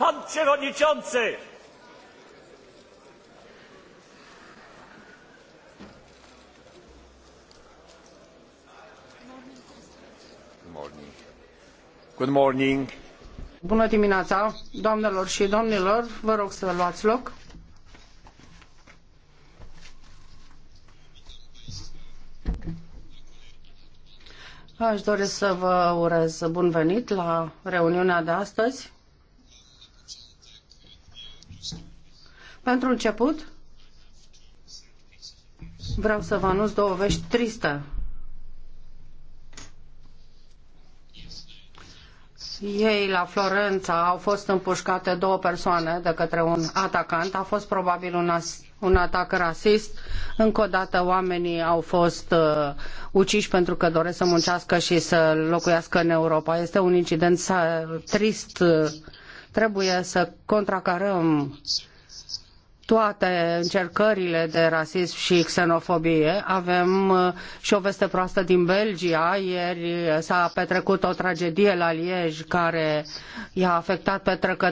Pan Przewodniczący! Good morning. Bună dimineața, doamnelor și domnilor, vă rog să luați loc. Aș dori să vă urez bun venit la reuniunea de astăzi. Pentru început, vreau să vă anunț două vești triste. Ei la Florența au fost împușcate două persoane de către un atacant. A fost probabil un, un atac rasist. Încă o dată oamenii au fost uh, uciși pentru că doresc să muncească și să locuiască în Europa. Este un incident trist. Uh, Trebuie să contracarăm toate încercările de rasism și xenofobie. Avem uh, și o veste proastă din Belgia. Ieri s-a petrecut o tragedie la Liej care i-a afectat pe